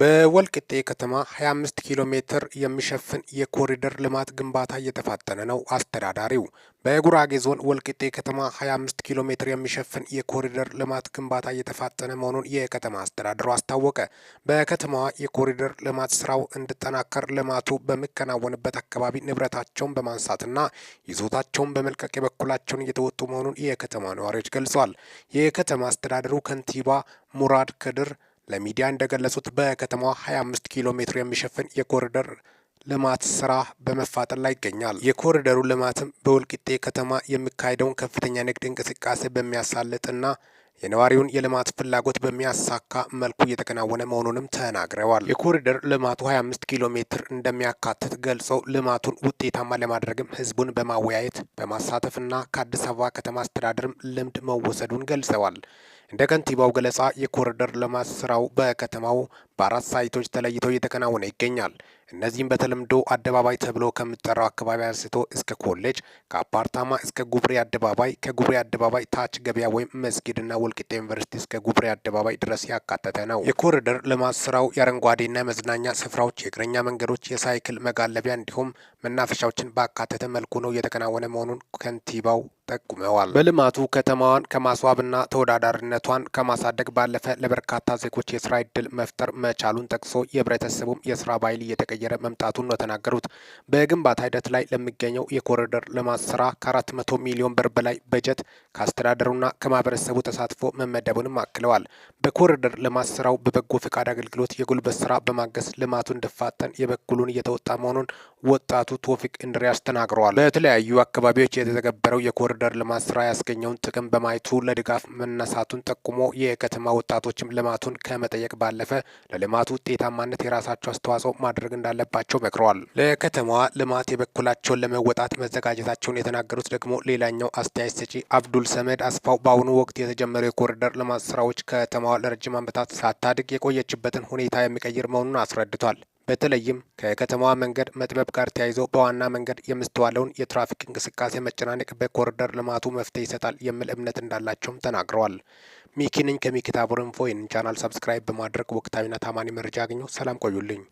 በወልቅጤ ከተማ 25 ኪሎ ሜትር የሚሸፍን የኮሪደር ልማት ግንባታ እየተፋጠነ ነው። አስተዳዳሪው በጉራጌ ዞን ወልቅጤ ከተማ 25 ኪሎ ሜትር የሚሸፍን የኮሪደር ልማት ግንባታ እየተፋጠነ መሆኑን የከተማ አስተዳደሩ አስታወቀ። በከተማዋ የኮሪደር ልማት ስራው እንዲጠናከር ልማቱ በሚከናወንበት አካባቢ ንብረታቸውን በማንሳትና ይዞታቸውን በመልቀቅ የበኩላቸውን እየተወጡ መሆኑን የከተማ ነዋሪዎች ገልጸዋል። የከተማ አስተዳደሩ ከንቲባ ሙራድ ክድር ለሚዲያ እንደገለጹት በከተማዋ 25 ኪሎ ሜትር የሚሸፍን የኮሪደር ልማት ስራ በመፋጠን ላይ ይገኛል። የኮሪደሩ ልማትም በወልቂጤ ከተማ የሚካሄደውን ከፍተኛ ንግድ እንቅስቃሴ በሚያሳልጥና የነዋሪውን የልማት ፍላጎት በሚያሳካ መልኩ እየተከናወነ መሆኑንም ተናግረዋል። የኮሪደር ልማቱ 25 ኪሎ ሜትር እንደሚያካትት ገልጸው ልማቱን ውጤታማ ለማድረግም ህዝቡን በማወያየት በማሳተፍና ከአዲስ አበባ ከተማ አስተዳደርም ልምድ መወሰዱን ገልጸዋል። እንደ ከንቲባው ገለጻ የኮሪደር ልማት ስራው በከተማው በአራት ሳይቶች ተለይተው እየተከናወነ ይገኛል። እነዚህም በተለምዶ አደባባይ ተብሎ ከሚጠራው አካባቢ አንስቶ እስከ ኮሌጅ፣ ከአፓርታማ እስከ ጉብሬ አደባባይ፣ ከጉብሬ አደባባይ ታች ገበያ ወይም መስጊድና ወልቂጤ ዩኒቨርሲቲ እስከ ጉብሬ አደባባይ ድረስ ያካተተ ነው። የኮሪደር ልማት ስራው የአረንጓዴና የመዝናኛ ስፍራዎች፣ የእግረኛ መንገዶች፣ የሳይክል መጋለቢያ እንዲሁም መናፈሻዎችን ባካተተ መልኩ ነው እየተከናወነ መሆኑን ከንቲባው ጠቁመዋል። በልማቱ ከተማዋን ከማስዋብና ተወዳዳሪነቷን ከማሳደግ ባለፈ ለበርካታ ዜጎች የስራ እድል መፍጠር መቻሉን ጠቅሶ የህብረተሰቡም የስራ ባህል እየተቀየረ መምጣቱን ነው ተናገሩት። በግንባታ ሂደት ላይ ለሚገኘው የኮሪደር ልማት ስራ ከአራት መቶ ሚሊዮን ብር በላይ በጀት ከአስተዳደሩና ከማህበረሰቡ ተሳትፎ መመደቡንም አክለዋል። በኮሪደር ልማት ስራው በበጎ ፈቃድ አገልግሎት የጉልበት ስራ በማገዝ ልማቱ እንዲፋጠን የበኩሉን እየተወጣ መሆኑን ወጣቱ ቶፊቅ እንድሪያስ ተናግረዋል። በተለያዩ አካባቢዎች የተተገበረው የኮሪደር ዳር ልማት ስራ ያስገኘውን ጥቅም በማየቱ ለድጋፍ መነሳቱን ጠቁሞ የከተማ ወጣቶችም ልማቱን ከመጠየቅ ባለፈ ለልማቱ ውጤታማነት የራሳቸው አስተዋጽኦ ማድረግ እንዳለባቸው መክረዋል። ለከተማዋ ልማት የበኩላቸውን ለመወጣት መዘጋጀታቸውን የተናገሩት ደግሞ ሌላኛው አስተያየት ሰጪ አብዱል ሰመድ አስፋው በአሁኑ ወቅት የተጀመረው የኮሪደር ልማት ስራዎች ከተማዋ ለረጅም ዓመታት ሳታድግ የቆየችበትን ሁኔታ የሚቀይር መሆኑን አስረድቷል። በተለይም ከከተማዋ መንገድ መጥበብ ጋር ተያይዞ በዋና መንገድ የምስተዋለውን የትራፊክ እንቅስቃሴ መጨናነቅ በኮሪደር ልማቱ መፍትሄ ይሰጣል የሚል እምነት እንዳላቸውም ተናግረዋል። ሚኪንኝ ከሚኪታቡር ኢንፎ ይህንን ቻናል ሰብስክራይብ በማድረግ ወቅታዊና ታማኒ መረጃ ያገኙ። ሰላም ቆዩልኝ።